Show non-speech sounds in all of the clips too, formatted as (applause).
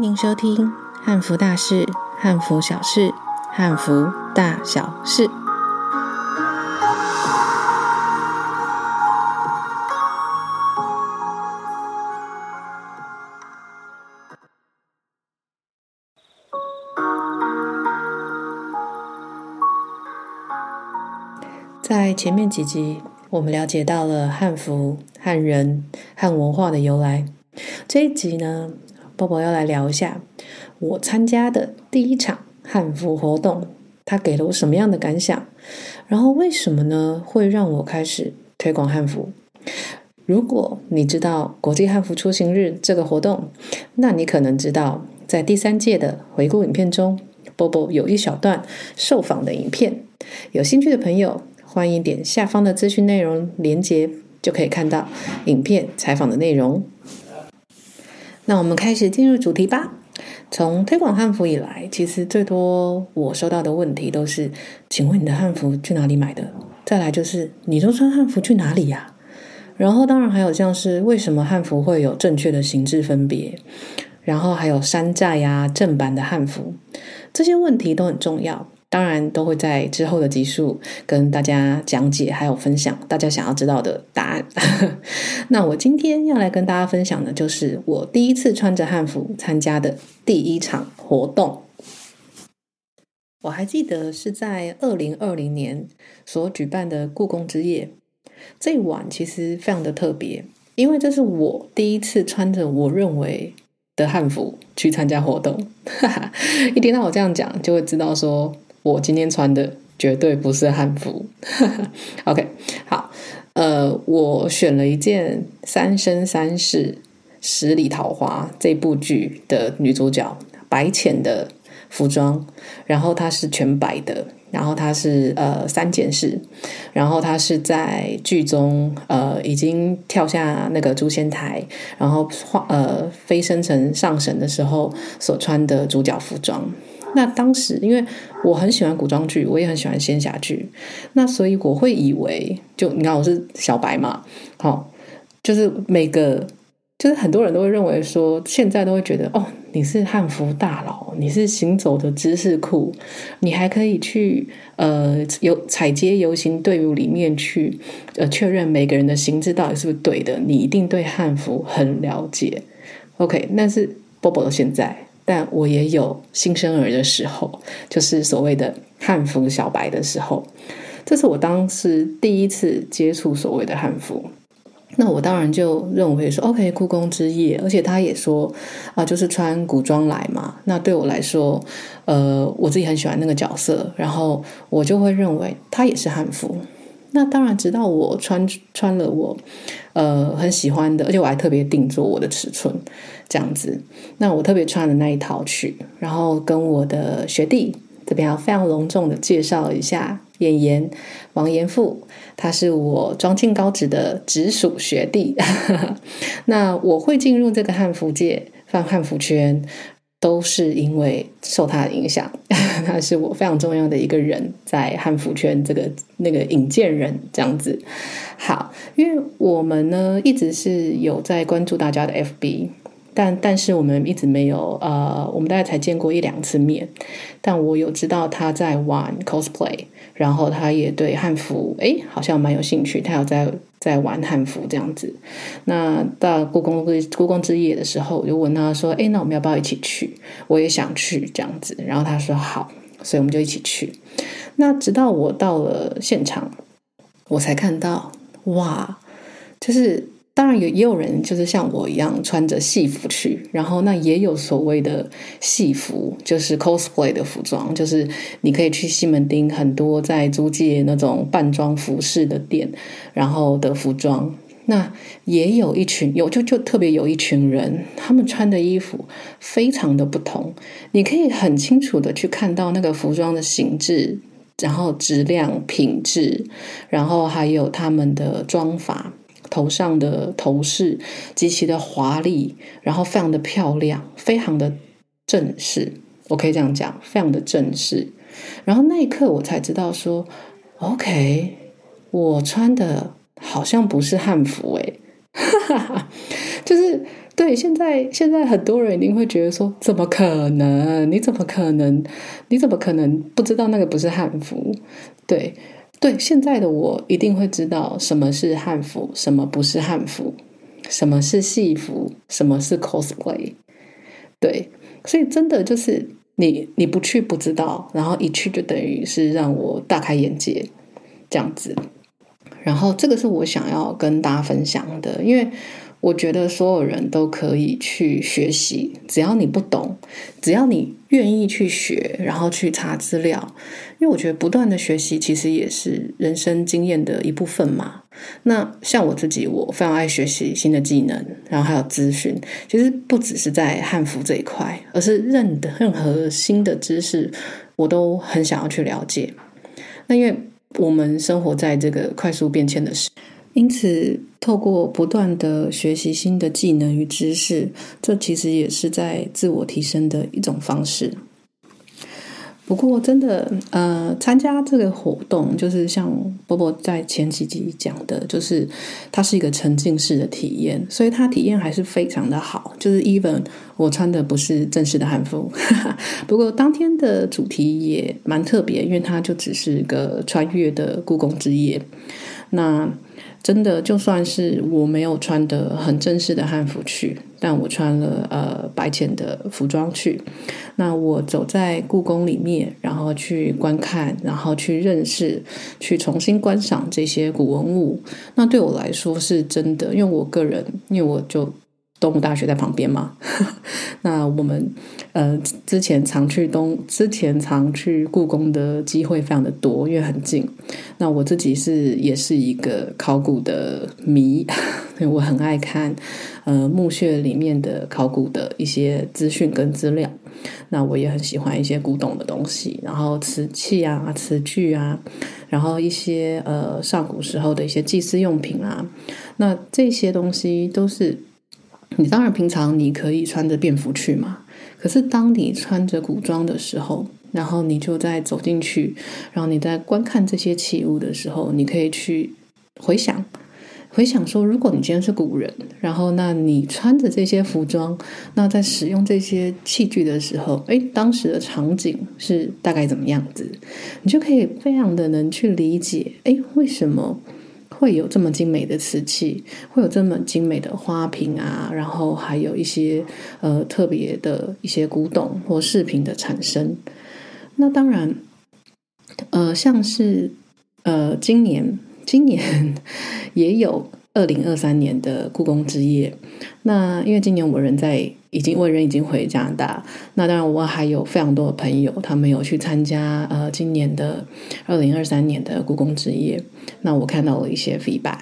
歡迎收聽《漢服大事、漢服小事、漢服大小事》。在前面幾集，我們了解到了漢服、漢人、漢文化的由來。這一集呢？波波要來聊一下我參加的第一場漢服活動，它給了我什麼樣的感想？然後為什麼呢？會讓我開始推廣漢服？如果你知道國際漢服出行日這個活動，那你可能知道在第三屆的回顧影片中，波波有一小段受訪的影片。有興趣的朋友，歡迎點下方的資訊內容鏈接，就可以看到影片採訪的內容。那我們開始進入主題吧。從推廣漢服以來，其實最多我收到的問題都是：“請問你的漢服去哪裡買的？”再來就是“你都穿漢服去哪裡呀、啊？”然後當然還有像是“為什麼漢服會有正確的形制分別？”然後還有山寨呀、啊、正版的漢服，這些問題都很重要。當然都會在之後的集數跟大家講解，還有分享大家想要知道的答案。 (laughs) 那我今天要來跟大家分享的，就是我第一次穿着漢服參加的第一場活動。我還記得是在二零二零年所舉辦的故宮之夜，這一晚其實非常的特別，因為這是我第一次穿着我認為的漢服去參加活動。 (laughs) 一聽到我這樣講，就會知道說。我今天穿的絕對不是漢服 (laughs) ，OK，好，呃，我選了一件《三生三世十里桃花》這部劇的女主角白淺的服裝，然後它是全白的，然後它是呃三件式，然後它是在劇中呃已經跳下那個誅仙台，然後化呃飛升成上神的時候所穿的主角服裝。那當時，因為我很喜歡古裝劇，我也很喜歡仙俠劇，那所以我會以為，就你看我是小白嘛，好、哦，就是每個，就是很多人都會認為說，現在都會覺得，哦，你是漢服大佬，你是行走的知識庫，你還可以去呃遊踩街遊行隊伍裡面去，呃確認每個人的形制到底是不是對的，你一定對漢服很了解，OK？但是 Bobo 到現在。但我也有新生兒的時候，就是所謂的漢服小白的時候，這是我當時第一次接觸所謂的漢服。那我當然就認為說，OK，故宮之夜，而且他也說啊、呃，就是穿古裝來嘛。那對我來說，呃，我自己很喜歡那個角色，然後我就會認為他也是漢服。那當然，直到我穿穿了我，呃，很喜歡的，而且我還特別定做我的尺寸，這樣子。那我特別穿的那一套去，然後跟我的學弟這邊要非常隆重的介紹一下言言、王言復，他是我莊敬高職的直屬學弟。 (laughs) 那我會進入這個漢服界，放漢服圈，都是因為受他的影響，他是我非常重要的一個人，在漢服圈這個那個引薦人這樣子。好，因為我們呢一直是有在關注大家的 FB。但但是我們一直沒有，呃，我們大概才見過一兩次面，但我有知道他在玩 cosplay，然後他也對漢服，哎，好像蠻有興趣，他有在在玩漢服這樣子。那到故宮故宮之夜的時候，我就問他說：“哎，那我們要不要一起去？”我也想去這樣子，然後他說：“好。”所以我們就一起去。那直到我到了現場，我才看到，哇，就是。當然也也有人就是像我一樣穿着戲服去，然後那也有所謂的戲服，就是 cosplay 的服裝，就是你可以去西門町很多在租借那種扮裝服飾的店，然後的服裝，那也有一群有就就特別有一群人，他們穿的衣服非常的不同，你可以很清楚的去看到那個服裝的形制，然後質量品質，然後還有他們的裝法。頭上的頭飾極其的華麗，然後非常的漂亮，非常的正式，我可以這樣講，非常的正式。然後那一刻我才知道說，OK，我穿的好像不是漢服欸、哈哈哈， (laughs) 就是對。現在現在很多人一定會覺得說，怎麼可能？你怎麼可能？你怎麼可能不知道那個不是漢服？對。對，現在的我一定會知道什麼是漢服，什麼不是漢服，什麼是戲服，什麼是 cosplay。對，所以真的就是你，你不去不知道，然後一去就等於是讓我大開眼界這樣子。然後這個是我想要跟大家分享的，因為。我覺得所有人都可以去學習，只要你不懂，只要你願意去學，然後去查資料。因為我覺得不斷的學習其實也是人生經驗的一部分嘛。那像我自己，我非常愛學習新的技能，然後還有資訊。其實不只是在漢服這一塊，而是任的任何新的知識，我都很想要去了解。那因為我們生活在這個快速變遷的時因此，透過不斷的學習新的技能與知識，這其實也是在自我提升的一種方式。不過，真的，呃，參加這個活動，就是像波波在前幾集講的，就是它是一個沉浸式的體驗，所以它體驗還是非常的好。就是 even 我穿的不是正式的漢服， (laughs) 不過當天的主題也蠻特別，因為它就只是一個穿越的故宮之夜。那真的，就算是我沒有穿的很正式的漢服去，但我穿了呃白淺的服裝去，那我走在故宮裡面，然後去觀看，然後去認識，去重新觀賞這些古文物，那對我來說是真的，因為我個人，因為我就。東吳大學在旁邊嗎？ (laughs) 那我們呃之前常去東，之前常去故宮的機會非常的多，因為很近。那我自己是也是一個考古的迷， (laughs) 我很愛看呃墓穴裡面的考古的一些資訊跟資料。那我也很喜歡一些古董的東西，然後瓷器啊、瓷具啊，然後一些呃上古時候的一些祭祀用品啊。那這些東西都是。你當然平常你可以穿着便服去嘛，可是當你穿着古裝的時候，然後你就在走進去，然後你在觀看這些器物的時候，你可以去回想，回想說，如果你今天是古人，然後那你穿着這些服裝，那在使用這些器具的時候，哎，當時的場景是大概怎麼樣子，你就可以非常的能去理解，哎，為什麼。會有這麼精美的瓷器，會有這麼精美的花瓶啊，然後還有一些呃特別的一些古董或飾品的產生。那當然，呃，像是呃，今年今年也有二零二三年的故宮之夜。那因為今年我人在。已經，我人已經回加拿大。那當然，我還有非常多的朋友，他們有去參加呃今年的二零二三年的故宮之夜。那我看到了一些 feedback，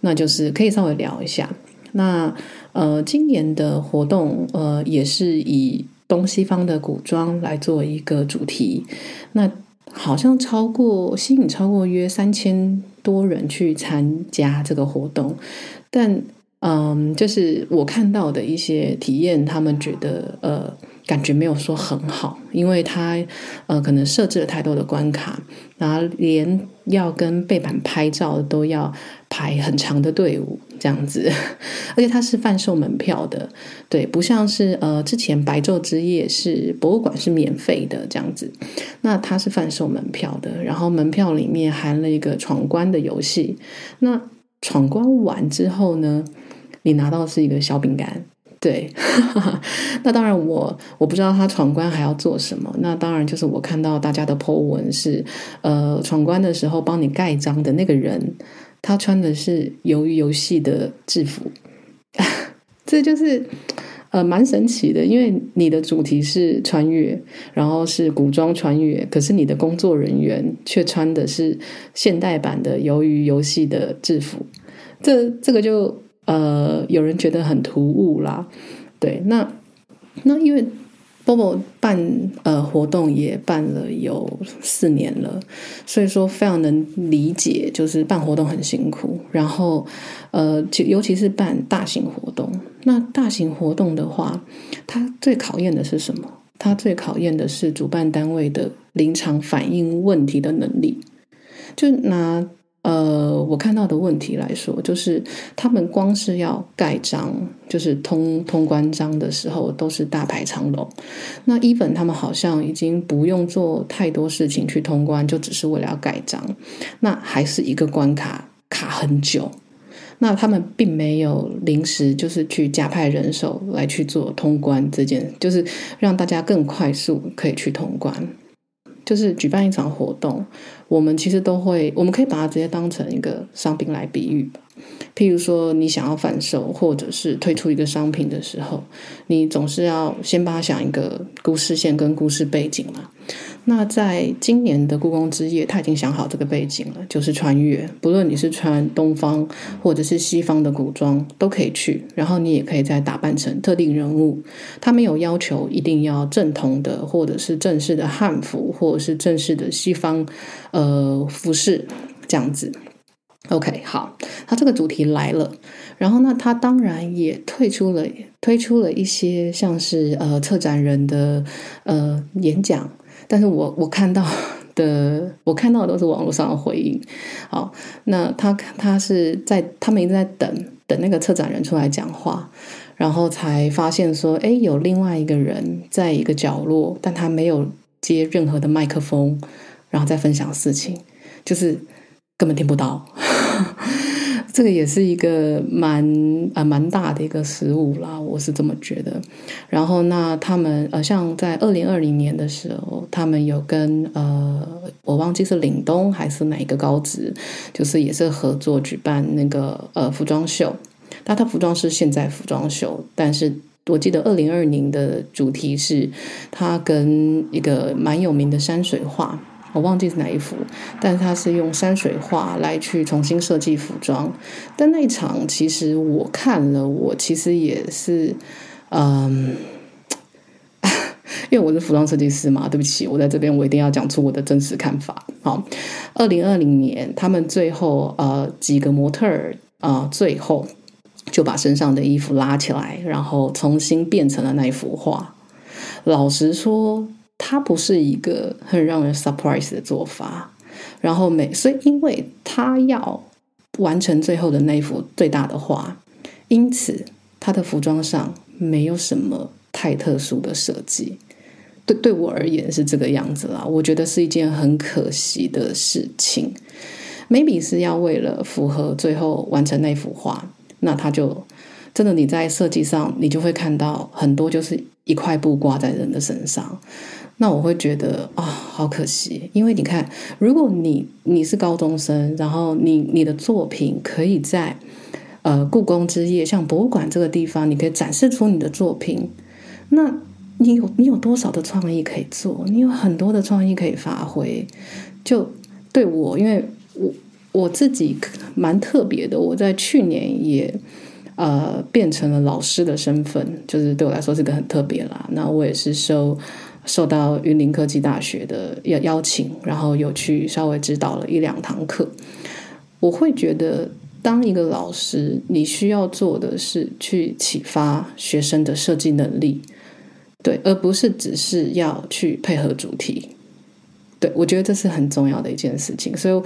那就是可以稍微聊一下。那呃，今年的活動呃也是以東西方的古裝來做一個主題。那好像超過吸引超過約三千多人去參加這個活動，但。嗯，um, 就是我看到的一些體驗，他們覺得呃，感覺沒有說很好，因為他呃，可能設置了太多的關卡，然後連要跟背板拍照都要排很長的隊伍這樣子，而且它是販售門票的，對，不像是呃之前白晝之夜是博物館是免費的這樣子，那它是販售門票的，然後門票裡面含了一個闖關的遊戲，那闖關完之後呢？你拿到的是一個小餅乾，對。 (laughs) 那當然我，我我不知道他闖關還要做什麼。那當然就是我看到大家的 PO 文是，呃，闖關的時候幫你蓋章的那個人，他穿的是《魷魚遊戲》的制服。 (laughs) 這就是呃蠻神奇的，因為你的主題是穿越，然後是古裝穿越，可是你的工作人員卻穿的是現代版的《魷魚遊戲》的制服。這這個就。呃，有人覺得很突兀啦，對，那那因為 Bobo 辦呃活動也辦了有四年了，所以說非常能理解，就是辦活動很辛苦，然後呃，尤其是辦大型活動，那大型活動的話，它最考驗的是什麼？它最考驗的是主辦單位的臨場反應問題的能力，就拿。呃，我看到的問題來說，就是他們光是要蓋章，就是通通關章的時候都是大排長龍。那 even 他們好像已經不用做太多事情去通關，就只是為了要蓋章。那還是一個關卡卡很久。那他們並沒有臨時就是去加派人手來去做通關這件，就是讓大家更快速可以去通關，就是舉辦一場活動，我們其實都會，我們可以把它直接當成一個商品來比喻吧。譬如說，你想要販售或者是推出一個商品的時候，你總是要先把它想一個故事線跟故事背景嘛。那在今年的故宮之夜，他已經想好這個背景了，就是穿越。不論你是穿東方或者是西方的古裝都可以去，然後你也可以再打扮成特定人物。他沒有要求一定要正統的或者是正式的漢服，或者是正式的西方呃。呃，服飾這樣子，OK，好，他這個主題來了，然後呢，他當然也推出了推出了一些像是呃策展人的、呃演講，但是我我看到的我看到的都是網絡上的回應，好，那他他是在他們一直在等等那個策展人出來講話，然後才發現說，哎，有另外一個人在一個角落，但他沒有接任何的麥克風。然後再分享事情，就是根本聽不到， (laughs) 這個也是一個蠻啊、呃、蠻大的一個失誤啦，我是這麼覺得。然後那他們呃，像在二零二零年的時候，他們有跟呃，我忘記是嶺東還是哪一個高職，就是也是合作舉辦那個呃服裝秀，他他服裝是現在服裝秀，但是我記得二零二零年的主題是他跟一個蠻有名的山水畫。我忘記是哪一幅，但是他是用山水畫來去重新設計服裝。但那一場其實我看了，我其實也是，嗯，因為我是服裝設計師嘛，對不起，我在這邊我一定要講出我的真實看法。好，二零二零年他們最後呃幾個模特兒啊，呃，最後就把身上的衣服拉起來，然後重新變成了那一幅畫。老實說，它不是一個很讓人 surprise 的做法，然後每所以，因為他要完成最後的那幅最大的畫，因此他的服裝上沒有什麼太特殊的設計。對，對我而言是這個樣子啊，我覺得是一件很可惜的事情。maybe 是要為了符合最後完成那幅畫，那他就真的你在設計上，你就會看到很多就是。一塊布掛在人的身上，那我會覺得啊，哦，好可惜。因為你看，如果你你是高中生，然後你你的作品可以在呃故宮之夜，像博物館這個地方，你可以展示出你的作品。那你有你有多少的創意可以做？你有很多的創意可以發揮。就對我，因為我我自己蠻特別的，我在去年也。呃，變成了老師的身份，就是對我來說是個很特別啦。那我也是受受到雲林科技大學的邀邀請，然後有去稍微指導了一兩堂課。我會覺得，當一個老師，你需要做的是去啟發學生的設計能力，對，而不是只是要去配合主題。對，我覺得這是很重要的一件事情。所以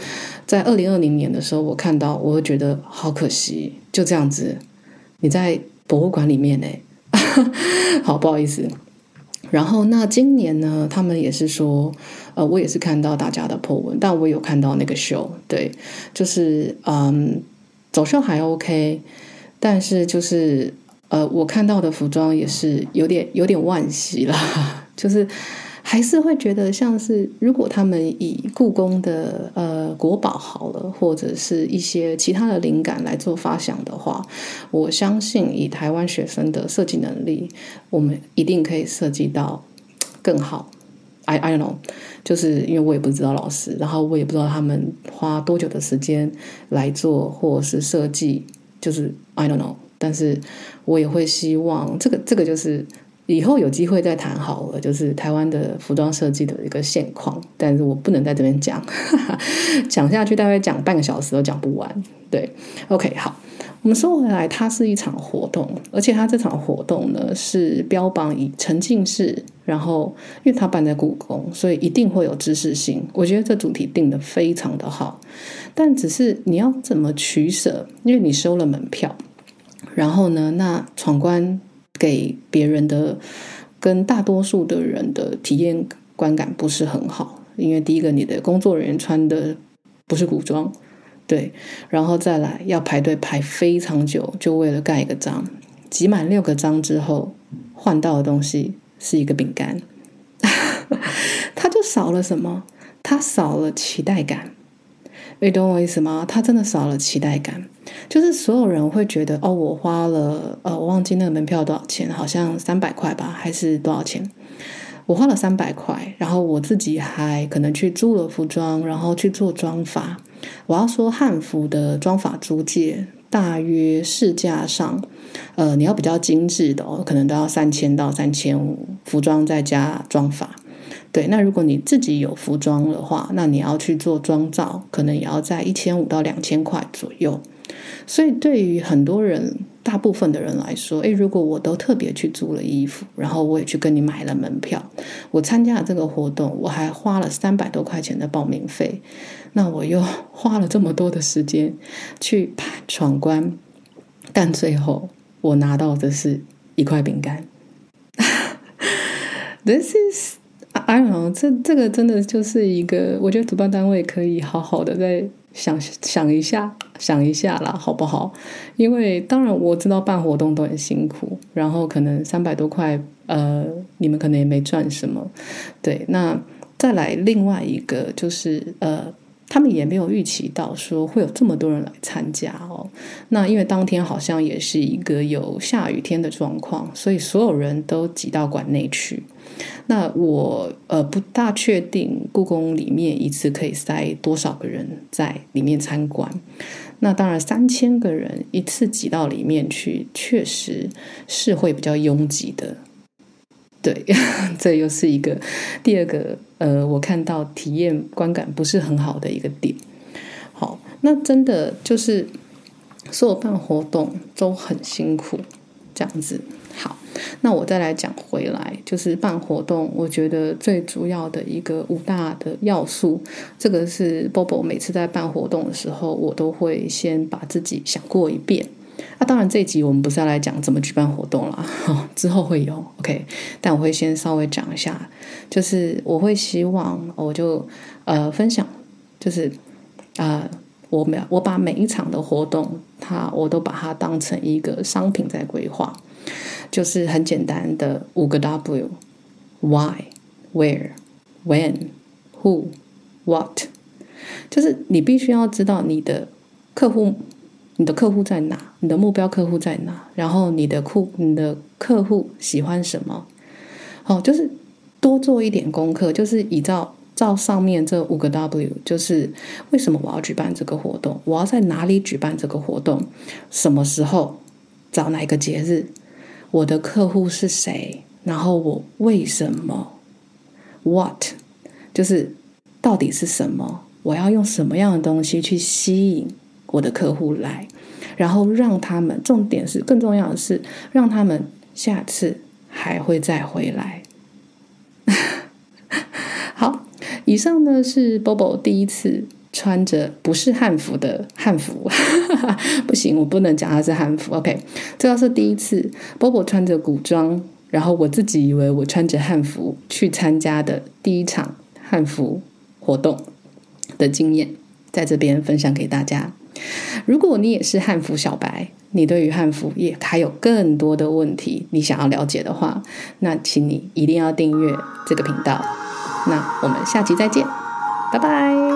在二零二零年的時候，我看到，我會覺得好可惜，就這樣子。你在博物館裡面呢？ (laughs) 好，不好意思。然後，那今年呢，他們也是說，呃，我也是看到大家的破文，但我有看到那個秀，對，就是嗯，走秀還 OK，但是就是呃，我看到的服裝也是有點有點惋惜了，就是。還是會覺得像是，如果他們以故宮的呃國寶好了，或者是一些其他的靈感來做發想的話，我相信以台灣學生的設計能力，我們一定可以設計到更好。I I don't know，就是因為我也不知道老師，然後我也不知道他們花多久的時間來做或是設計，就是 I don't know。但是我也會希望這個這個就是。以後有機會再談好了，就是台灣的服裝設計的一個現況，但是我不能在這邊講，哈哈，講下去大概講半個小時都講不完。對，OK，好，我們說回來，它是一場活動，而且它這場活動呢是標榜以沉浸式，然後因為它辦在故宮，所以一定會有知識性。我覺得這主題定得非常的好，但只是你要怎麼取舍，因為你收了門票，然後呢，那闖關。給別人的跟大多數的人的體驗觀感不是很好，因為第一個你的工作人員穿的不是古裝，對，然後再來要排隊排非常久，就為了蓋一個章，集滿六個章之後換到的東西是一個餅乾， (laughs) 他就少了什麼？他少了期待感。你懂我意思嗎？他真的少了期待感，就是所有人會覺得哦，我花了呃，我忘記那個門票多少錢，好像三百塊吧，還是多少錢？我花了三百塊，然後我自己還可能去租了服裝，然後去做妝髮。我要說漢服的妝髮租借，大約市價上，呃，你要比較精致的哦，可能都要三千到三千五，服裝再加妝髮。對，那如果你自己有服裝的話，那你要去做妝造，可能也要在一千五到兩千塊左右。所以對於很多人，大部分的人來說，誒，如果我都特別去租了衣服，然後我也去跟你買了門票，我參加了這個活動，我還花了三百多塊錢的報名費，那我又花了這麼多的時間去闖關，但最後我拿到的是一塊餅乾。 (laughs) This is. 嗯，這這個真的就是一個，我覺得主辦單位可以好好的再想想一下，想一下啦，好不好？因為當然我知道辦活動都很辛苦，然後可能三百多塊，呃，你們可能也沒賺什麼。對，那再來另外一個就是，呃，他們也沒有預期到說會有這麼多人來參加哦。那因為當天好像也是一個有下雨天的狀況，所以所有人都擠到館內去。那我呃不大確定，故宮裡面一次可以塞多少個人在裡面參觀？那當然，三千個人一次擠到裡面去，確實是會比較擁擠的。對，這又是一個第二個呃，我看到體驗觀感不是很好的一個點。好，那真的就是所有辦活動都很辛苦，這樣子。好，那我再來講回來，就是辦活動，我覺得最主要的一個五大的要素，這個是 Bobo 每次在辦活動的時候，我都會先把自己想過一遍。那、啊、當然，這集我們不是要來講怎麼舉辦活動啦，之後會有 OK，但我會先稍微講一下，就是我會希望，我就呃分享，就是啊、呃，我每我把每一場的活動，它我都把它當成一個商品在規劃。就是很簡單的五個 W：Why、Where、When、Who、What。就是你必須要知道你的客戶，你的客戶在哪，你的目標客戶在哪，然後你的你的客戶喜歡什麼。哦，就是多做一點功課，就是依照照上面這五個 W，就是為什麼我要舉辦這個活動？我要在哪裡舉辦這個活動？什麼時候？找哪個節日？我的客戶是誰？然後我為什麼？What？就是到底是什麼？我要用什麼樣的東西去吸引我的客戶來？然後讓他們，重點是更重要的是，讓他們下次還會再回來。 (laughs) 好，以上呢是 Bobo 第一次。穿着不是漢服的漢服，哈哈哈，不行，我不能講它是漢服。OK，這要是第一次，Bobo 穿着古裝，然後我自己以為我穿着漢服去參加的第一場漢服活動的經驗，在這邊分享給大家。如果你也是漢服小白，你對於漢服也還有更多的問題你想要了解的話，那請你一定要訂閱這個頻道。那我們下期再見，拜拜。